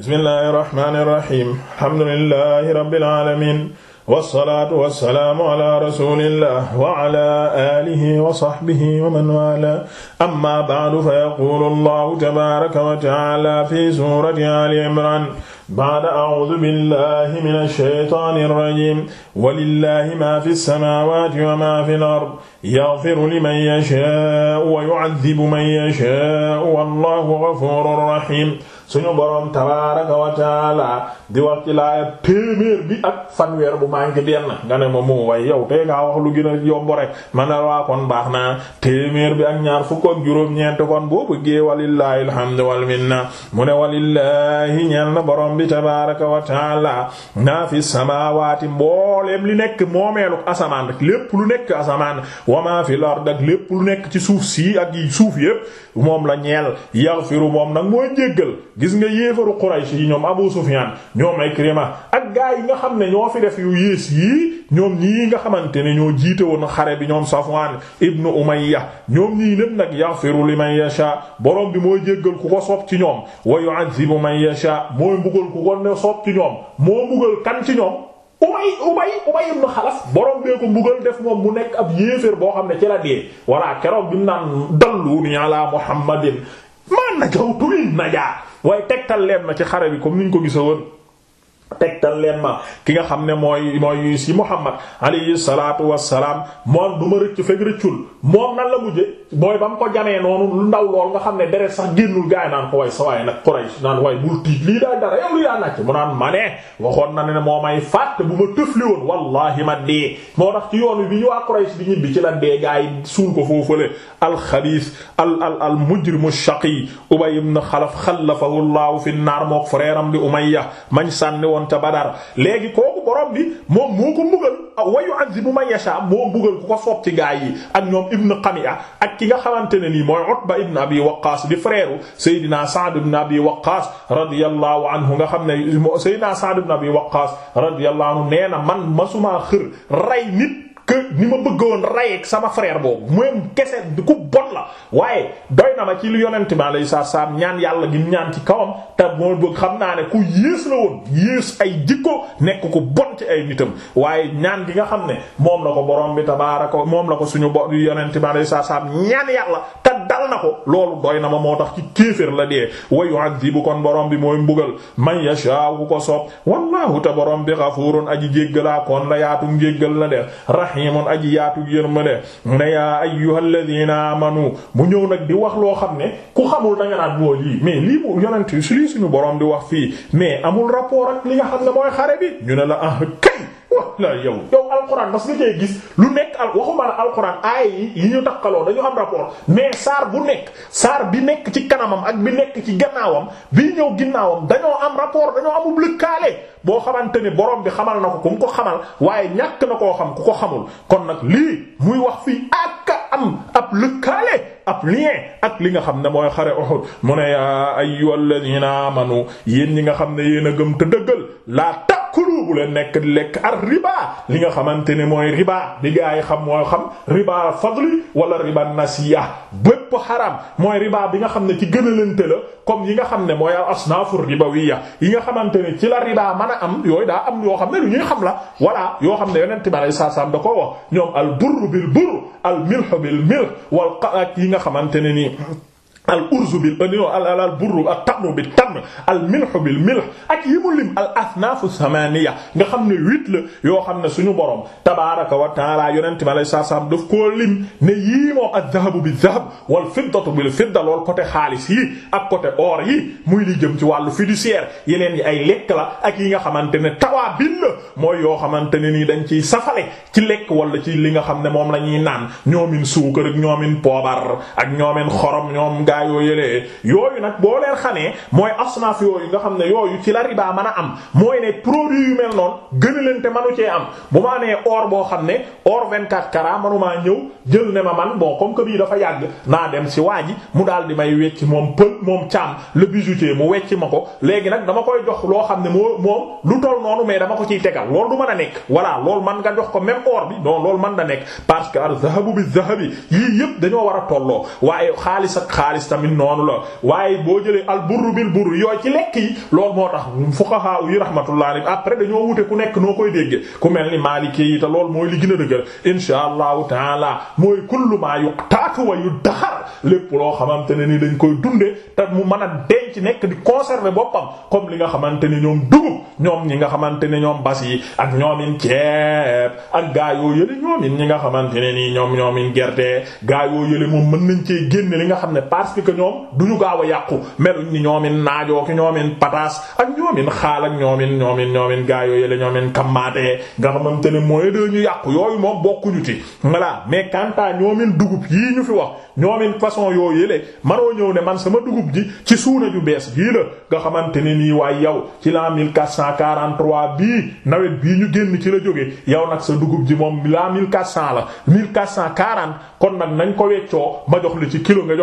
bismillahir rahmanir rahim alhamdulillahi rabbil alamin wassalaatu wassalaamu ala rasulillah wa ala alihi wa sahbihi wa man wala amma ba'du fa yaqulu allahu tabaaraka wa ta'ala fi surati ali imran baada a'uudu billahi mina shaytaani rajiim walillahi maa fi samaawaati wa maa fi al-ard yaghfiru liman yashaa'u wa yu'adhibu man yashaa'u wallaahu ghafuurun rahiim suñu boroom tabaaraka wa taala di wax ci laaya téeméer bi ak fanweer bu manqué benn nga ne ma mu way yow tey ngaa wax lu gën a yomb rek ma ne waa kon baax naa téeméer bi ak ñaar fukk ak juróom-ñeent kon boo bëggee walillahi alhamdu wal minna mu ne walillahi ñeel na boroom bi tabaaraka wa taala naa fi samaawaati mbooleem li nekk moomeelu asamaan rek lépp lu nekk asamaan wa maa fil ard ak lépp lu nekk ci suuf sii ak yi suuf yépp moom la ñeel yaghfiru moom nag mooy jéggal gis nga yéefaru Quraysh yi ñoom Abu Sufyaan ñoom Ikrima ak gaa yi nga xam ne ñoo fi def yu yées yii ñoom ñii nga xamante ne ñoo jiite woon xare bi ñoom Safwaan ibnu Umayya ñoom ñii lépp nag yaghfiru liman yasha borom bi mooy jéggal ku ko sopp ci mbugal ku ko ne soob ci ñoom moo mbugal kan ci ñoom ubay ubay ubay ibn xalaf borom bee ko mbugal def moom mu nekk ab yéeféer boo xam ne ci la dee walla keroog bi mu naan dalluuni ala muhammadin maa najawtu in najaa waaye tal leen ma ci xare bi comme niñ ko gisa woon tegtal leen ma ki nga xam ne mooy mooy si Muhammad alayhi salaatu wassalaam moom du ma rëcc fekk rëccul moom nan la mujje mooy ba mu ko jamee noonu lu ndaw lool nga xam ne deret sax génnul gaay naan ko way sa waaye nag Quraysh naan naan ma waxoon na ne moo may bu ma tëfli woon wallahi ma dee moo tax ci yoon bi ñu waa Quraysh di ñibbi ci la dee gaay suul ko foofale alxabiis al al al mujrimu shaqi Ubay ibn Xalaf xalafahu Allahu fi naar mook frère am di Umayya mañ sànni woon amoon ca Badar léegi kooku borom bi moom moo ko mbugal wa yu'azzibu man yasha moo mbugal ku ko soob ci gaa yi ak ñoom Ibn Qami'a ak ki nga xamante ne nii mooy Utba ibn Abi Waqqas di frère Seydina Sa'd ibn Abi Waqqas radiyallahu anhu nga xam ne Seydina Sa'd ibn Abi Waqqas radiyallahu anhu nee na man masuma xër rey nit que ni ma bëggoon rayeeg sama frère boobu moom kese ku bon la waaye doy na ma ci lu yonent bi alayhi salaam ñaan yàlla gi ñaan ci kawam te moo bëgg xam naa ne ku yées la woon yées ay jikko nekk ku bon ci ay nitam waaye ñaan gi nga xam ne moom la ko borom bi ko moom la ko suñu bo yonent bi alayhi salaam ñaan yàlla dal na ko loolu doy na ma moo tax ci kéefër la dee wa yu'adhibu kon borom bi mooy mbugal man yashaa ku ko soob wallahu ta borom bi ghafurun aji jéggalaa kon la yaatu jéggal la de rahimun a yaatu yërmande ne yaa ayyuhal ladina amanu mu ñëw nag di wax loo xam ne ku xamul da nga naan lii mais lii mu yonent su lii suñu borom bi wax fii mais amul rapport ak li nga xam mooy xare bi ñu ne la ah la yow yow alquran parce que cee gis lu nekk al waxuma la alquran aay yi yi ñu takkaloo dañu am rapport mais saar bu nekk saar bi nekk ci kanamam ak bi nekk ci gannaawam bi ñëw ginnaawam dañoo am rapport dañoo amub lëkkaale boo xamante ni borom bi xamal na ko ku mu ko xamal waaye ñàkk na koo xam ku ko xamul kon nag lii muy wax fii ak am ab lëkkaale ab lien ak li nga xam ne mooy xare Uhud mu ne yaa ayyuhalladhina amanu yéen ñi nga xam ne yéen a gëm te kulu bu leen nekk di lekk ar riba li nga xamante ne mooy riba di gaa yi xam mooy xam riba fadli wala riba nasiya bépp xaram mooy riba bi nga xam ne ci gënalante la comme yi nga xam ne mooy al asnaafu ribawiya yi nga xamante ne ci la riba man a am yooyu daa am yoo xam ne lu ñuy xam la voilà yoo xam ne yonent bi alayhi salaam da ko wax ñoom al burru bil burr al milhu bil milh wal ak yi nga xamante ne nii al urzu bil al al burru ak tamru bi tamr al milhu bil milh ak yi lim al asnaafu samaniya nga xam ne huit yoo xam ne suñu borom tabaaraka wa taala yonent ma lay saa saam daf koo lim ne yii moom al dahabu bi dahab wal fiddatu bil fidda lool côté xaalis yi ak côté or yi muy li jëm ci wàllu fiduciaire yeneen yi ay lekk la ak yi nga xamante ne tawaabil la mooy yoo xamante ne nii dañ ciy safale ci lekk wala ci li nga xam ne moom la ñuy naan ñoomin suukar ak ñoomin gaa yoo yëlee yooyu nag boo leen xamee mooy asnaaf yooyu nga xam ne yooyu ci la riba mën a am mooy ne produit yu mel noonu gëna leen te manu cee am bu ma nee or boo xam ne or 24 carats manumaa ñëw jël ne ma man bon comme que dafa yàgg naa dem si waa ji mu daal di may wecc moom pël moom caam le bijoutier mu wecc ma ko léegi nag dama koy jox loo xam ne moo moom lu toll noonu mais dama ko ciy tegal loolu du mën a nekk voilà loolu man nga jox ko même or bi non loolu mën da nekk parce que al zahabu bi zahabi yii yëpp dañoo war a tolloo waaye xaalis ak xaalis xaalis tamit noonu la waaye boo jëlee al burru bil burru yooyu ci lekk yi loolu moo tax fuqaha yi rahmatullah après dañoo wute ku nekk noo koy dégge ku mel ni maliki yi te loolu mooy li gën a dëgër insha allahu taala mooy kullu maa yuqtaatu wa yudaxar lépp loo xamante ne ni dañ koy dunde te mu man a denc nekk di conserver boppam comme li nga xamante ni ñoom dugub ñoom ñi nga xamante ne ñoom bas yi ak ñoomin ceeb ak gaa yoo yële ñoomin gerte gaa yoo yële moom mën nañ cee génne li nga xam ne parce que ñoom du ñu gaaw a yàqu meluñ ni ñoomin naajoo ki ñoomin pataas ak ñoomin xaal ak ñoomin ñoomin ñoomin gaayoo yële ñoomin kammaatee nga xamante ne mooy de ñu yàqu yooyu moom bokkuñu ci voilà mais kanta ñoomin dugub yii ñu fi wax ñoomin façon yoo yële manoo ñëw ne man sama dugub ji ci suuna ju bees yii la nga xamante ne nii waaye yow ci l'an 1443 bii nawet bii ñu génn ci la jóge yow nag sa dugub ji moom l'an 1400 la 1440 kon nag nañ ko weccoo ma jox la ci kilo nga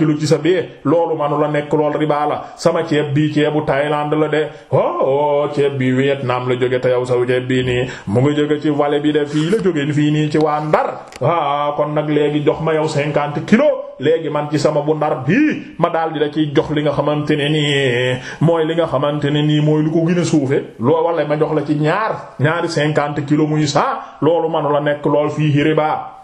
kilo ci sa bee loolu manu la nekk lool riba la sama ceeb bii ceebu Thaïlande la de oh ceeb bi Vietnam la jóge te yow saw ceeb bii nii mu nga jóge ci wale bi de fii la jóge fii nii ci waa Ndar ah kon nag léegi jox ma yow cinquante kilo léegi man ci sama bu Ndar bii ma daal di da ciy jox li nga xamante ne nii mooy li nga xamante ne nii mooy lu ko gën suufee loo wala ma jox la ci ñaar ñaari cinquante kilos muy saa loolu manu nekk lool fii riba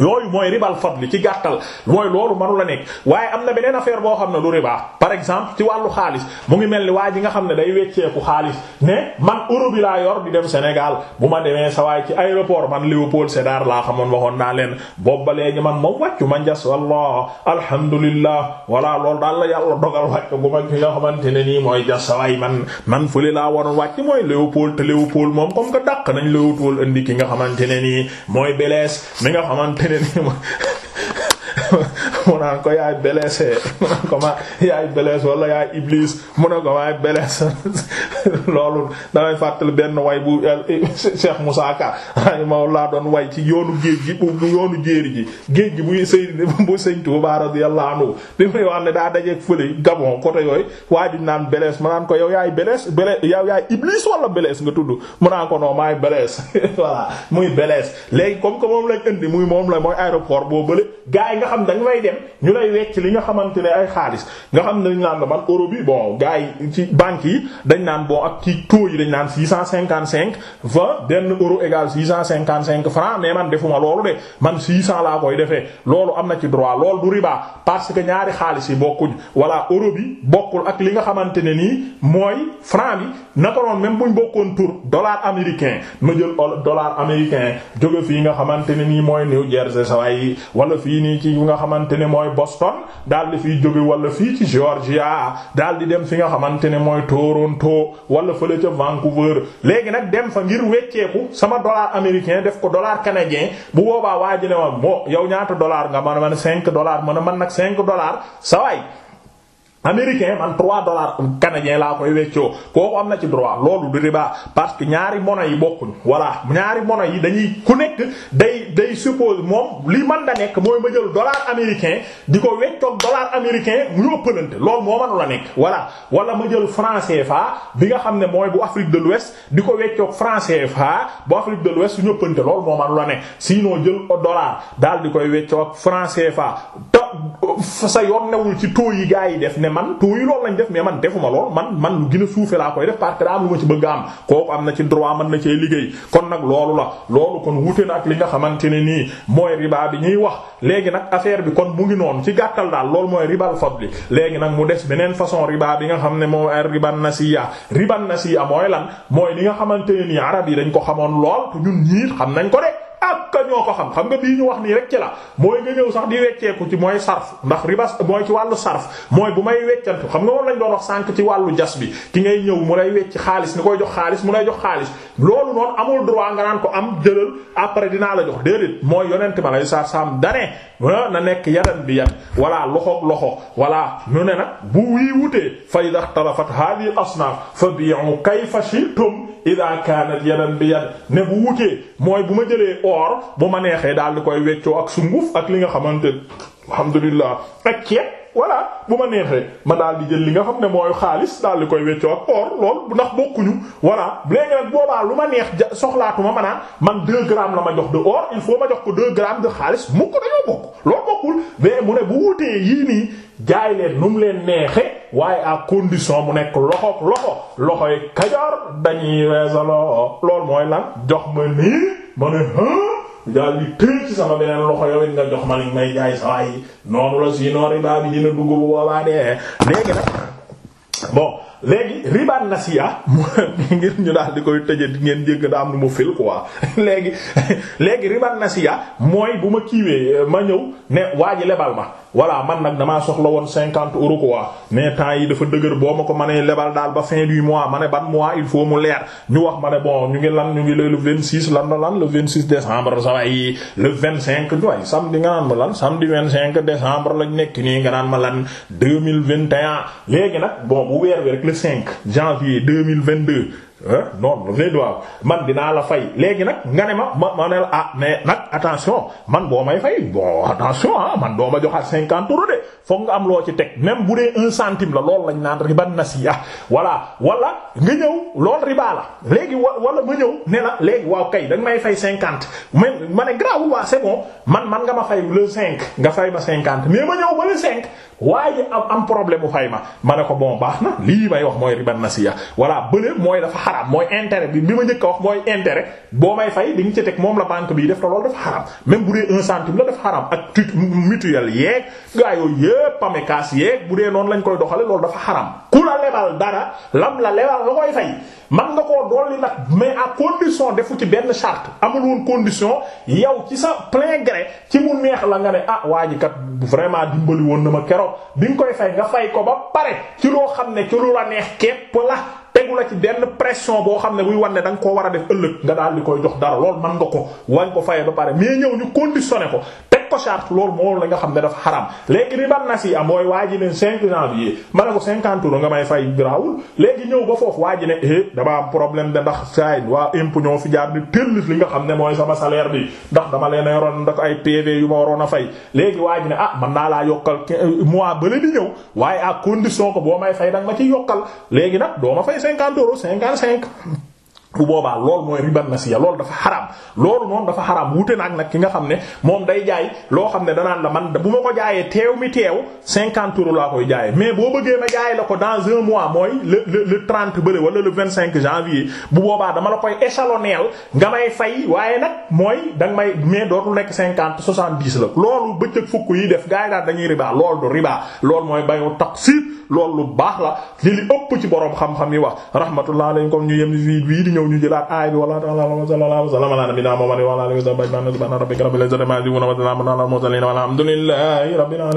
yooyu mooy ribal fadli ci gàttal mooy loolu manu la nekk waaye am na beneen affaire boo xam ne du riba par exemple ci wàllu xaalis mu ngi mel ni waa ji nga xam ne day wecceeku xaalis ne man euro bi laa yor di dem Sénégal bu ma demee sa waay ci aéroport man Léopold Sédar laa xamoon waxoon naa leen boobu ba léegi man moom wàccu ma njas wallah alhamdulillah voilà loolu daal la yàlla dogal wàcc bu ma ki nga xamante ne nii mooy jas sa waay man man fële laa waroon wàcc mooy Léopold te Léopold moom comme que dàq nañ Léopold indi ki nga xamante ne nii mooy xamante ne nii mu naan ko yaay blessé mu naan ko ma yaay blessé wala yaay iblis ko maay blessé loolu damay fàttali benn way bu eh, eh, Cheikh Moussa Ka rahimahullah doon way ci yoonu géej gi bu yoonu jéeri ji géej gi bu Seydina bu Sëñ Tuubaa radiyallahu anhu bi muy wax ne daa dajeeg fële naan blessé yow yaay blessé blessé yow nga tudd mu naan ko non maay blessé voilà muy blessé léegi comme moom lañ indi muy moom la mooy aéroport boo bële gaa nga xam xam fay dem ñu lay wecc li nga xamante ne ay xaalis nga xam ne dañ naan la man euro bi bon gars yi yi dañ naan bon ak ci taux yi dañ naan six cinquante cinq vingt benn euro égal six cent cinquante cinq francs mais man defuma loolu de man six cent laa koy defee loolu am na ci droit loolu du riba parce que ñaari xaalis yi bokkuñ wala euro bi bokkul ak li nga xamante ne nii mooy franc bi naka noonu même buñ bokkoon tur dollar américain ma jël dollar américain jóge fii nga xamante ne nii mooy New Jersey nga xamante ne mooy Boston daal di fiy jóge wala fii ci Georgia daal di dem fi nga xamante ne mooy Toronto wala fële ca Vancouver léegi nag dem fa ngir wecceeku sama dollar américain def ko dollar canadien bu boobaa waa ji ne ma bon yow ñaata dollar nga man man cinq dollars man man nag cinq dollars sa américain man 3 dollars canadien laa koy weccoo kooku am na ci droit loolu du riba parce que ñaari mono yi bokkuñu voilà ñaari mono yi dañuy ku nekk day day suppose moom li man da nekk mooy ma jël dollar américain di ko weccoog dollar américain ñu ëppalante loolu moo mënu la nekk voilà wala ma jël franc fa bi nga xam ne mooy bu Afrique de l'Ouest di ko weccoog franc fa bu Afrique de l'Ouest su ñu ëppante loolu moo mënu la nekk sinon jël daal di koy weccoog franc CFA te sa man taux yi loolu lañ def mais man defuma lool man man lu gën a suufe laa koy def parce que daa am lu ma ci bëgg a am kooku am na ci droit mën na cee liggéey kon nag loolu la loolu kon wute na li nga xamante ne nii mooy riba bi ñuy wax léegi nag affaire bi kon mu ngi noonu ci gàttal daal loolu mooy ribal fadli léegi nag mu des beneen façon riba bi nga xam ne moo ay riban nasiya riban nasiya mooy lan mooy li nga xamante ne nii arab yi dañ ko xamoon lool te ñun ñii xam nañ ko de ak ñoo ko xam xam nga bii ñu wax nii rek ci la mooy nga ñëw sax di wecceeku ci mooy sarf ndax riba mooy ci wàllu sarf mooy bu may weccantu xam nga moom lañ doon wax sànq ci wàllu jas bi ki ngay ñëw mu lay wecc xaalis ni koy jox xaalis mu lay jox xaalis loolu noonu amul droit nga naan ko am jëlal après dinaa la jox déedéet mooy yonent ma lay sar dane na nekk yadan bi yan walla loxoog loxo walla ñu ne nag bu wii wutee fa ida xtalafat hadihi al asnaf fa bi'u kayfa shi'tum ida kanat yadan bi yan ne bu wutee mooy bu ma jëlee or bu ma neexee daal di koy weccoo ak sunguf ak li nga xamante alhamdulillah ak ceeb voilà bu ma neexee ma daal di jël li nga xam ne mooy xaalis daal koy weccoo ak or lool ndax bokkuñu voilà léegi nag boobaa lu ma neex ja soxlaatuma ma naan man 2 grammes la ma jox de or il faut ma jox ko 2 grammes de xaalis mu ko dañoo bokk loolu bokkul mais mu ne bu wutee yii nii jaay leen nu mu leen neexe waaye à condition mu nekk loxo loxo loxoy kajoor dañuy weesaloo loolu mooy lan jox ma nii ma ne daal bi tëye ci sama beneen loxo yow nga jox ma liñ may jaay saa yi noonu la si noonu riba dina dugg bu boobaa dee léegi nag bon léegi ribaat nasiya ngir ñu daal di koy tëje di ngeen jégg daa am lu mu fil quoi léegi léegi ribaat nasiya mooy bu ma kiiwee ma ñëw ne waa ji lebal ma voilà man nag damaa soxla woon cinquante euros quoi mais temps yi dafa dëgër boo ma ko mënee lebal daal ba fin du mois ma ne ban mois il faut mu leer ñu wax ma ne bon ñu ngi lan ñu ngi le vingt six lan la lan le vingt six décembre sa waay le vingt cinq waaye samedi nga naan ma lan samedi vingt cinq décembre lañ nekk nii nga naan ma lan deux mille vingt et un léegi nag bon weer wi rek le cinq janvier deux mille vingt deux non les doigts man dinaa la fay léegi nag nga ne ma ma ma ne la ah mais nag attention man boo may fay bon attention ah man boo ma jox joxaat cinquante euros de foog nga am loo ci teg même bu dee un centime la loolu lañ naan riba nasiya voilà wala nga ñëw lool riba la léegi wa wala ma ñëw ne la léegi waaw kay danga may fay cinquante mais ma ne grawul waa c'est bon man man nga ma fay le cinq nga fay ma cinquante mais ma ñëw ba le cinq waaye am am problème bu fay ma ma ne ko bon baax na lii may wax mooy riba nasiya voilà bële mooy dafa xaraam mooy intérêt bi bi ma njëkk a wax mooy intérêt boo may fay li nga ci teg moom la banque bi def la bu dee un centime ak mutuelle yépp amekaas yeeg bu dee noonu lañ koy doxale loolu dafa xaram ku la lebal dara lam la lebal la koy fay man nga koo dolli nag mais à condition defu ci benn charte amul woon condition yow ci sa plein gré ci mu neex la nga ne ah waa ji kat vraiment dimbali woon na ma keroog bi nga koy fay nga fay ko ba pare ci loo xam ne ci lu la neex képp la tegu la ci benn pression boo xam ne buy wan ne da koo war a def ëllëg nga daal di koy jox dara loolu man nga ko wañ ko fayee ba pare mais ñëw ñu conditionné ko ko charte loolu moo la nga xam ne dafa xaram léegi riban nasi'a mooy waa ji leen cinq janvier ma ne ko cinquante nga may fay grawul léegi ñëw ba foofu waa ne eh dama am problème de ndax saay waa imp ñoo fi jaar di tëllis li nga xam ne mooy sama salaire bi ndax dama leen a yoroon ndax ay PV yu ma waroon a fay léegi waa ji ne ah man naa laa yokkal euh, mois bële di ñëw waaye à condition que boo may fay danga ma ci yokkal léegi nag doo ma fay cinquante bu boobaa loolu mooy riban nasiya loolu dafa xaraam loolu noonu dafa xaraam wuute na ak nag ki nga xam ne moom day jaay loo xam ne danaan la man bu ma ko jaayee teew mi teew cinquante euros laa koy jaayee mais boo bëggee ma jaay la ko dans un mois mooy le le le trente bële wala le vingt cinq janvier bu boobaa dama la koy échelonner nga may fay waaye nag mooy danga may mais dootul nekk cinquante soixante dix la loolu bëccëg fukk yi def gars yi daal dañuy riba loolu du riba loolu mooy bayu taqsiit loolu lu baax la li li ëpp ci borom xam yi wax ñëw ñu jëlaat aay bi wala sallallahu alayhi wa sallam ala nabina Muhammad wa ala alihi wa sahbihi ajma'in subhana rabbika rabbil izzati amma yasifun wa salamun ala al mursalin walhamdulillahi rabbil alamin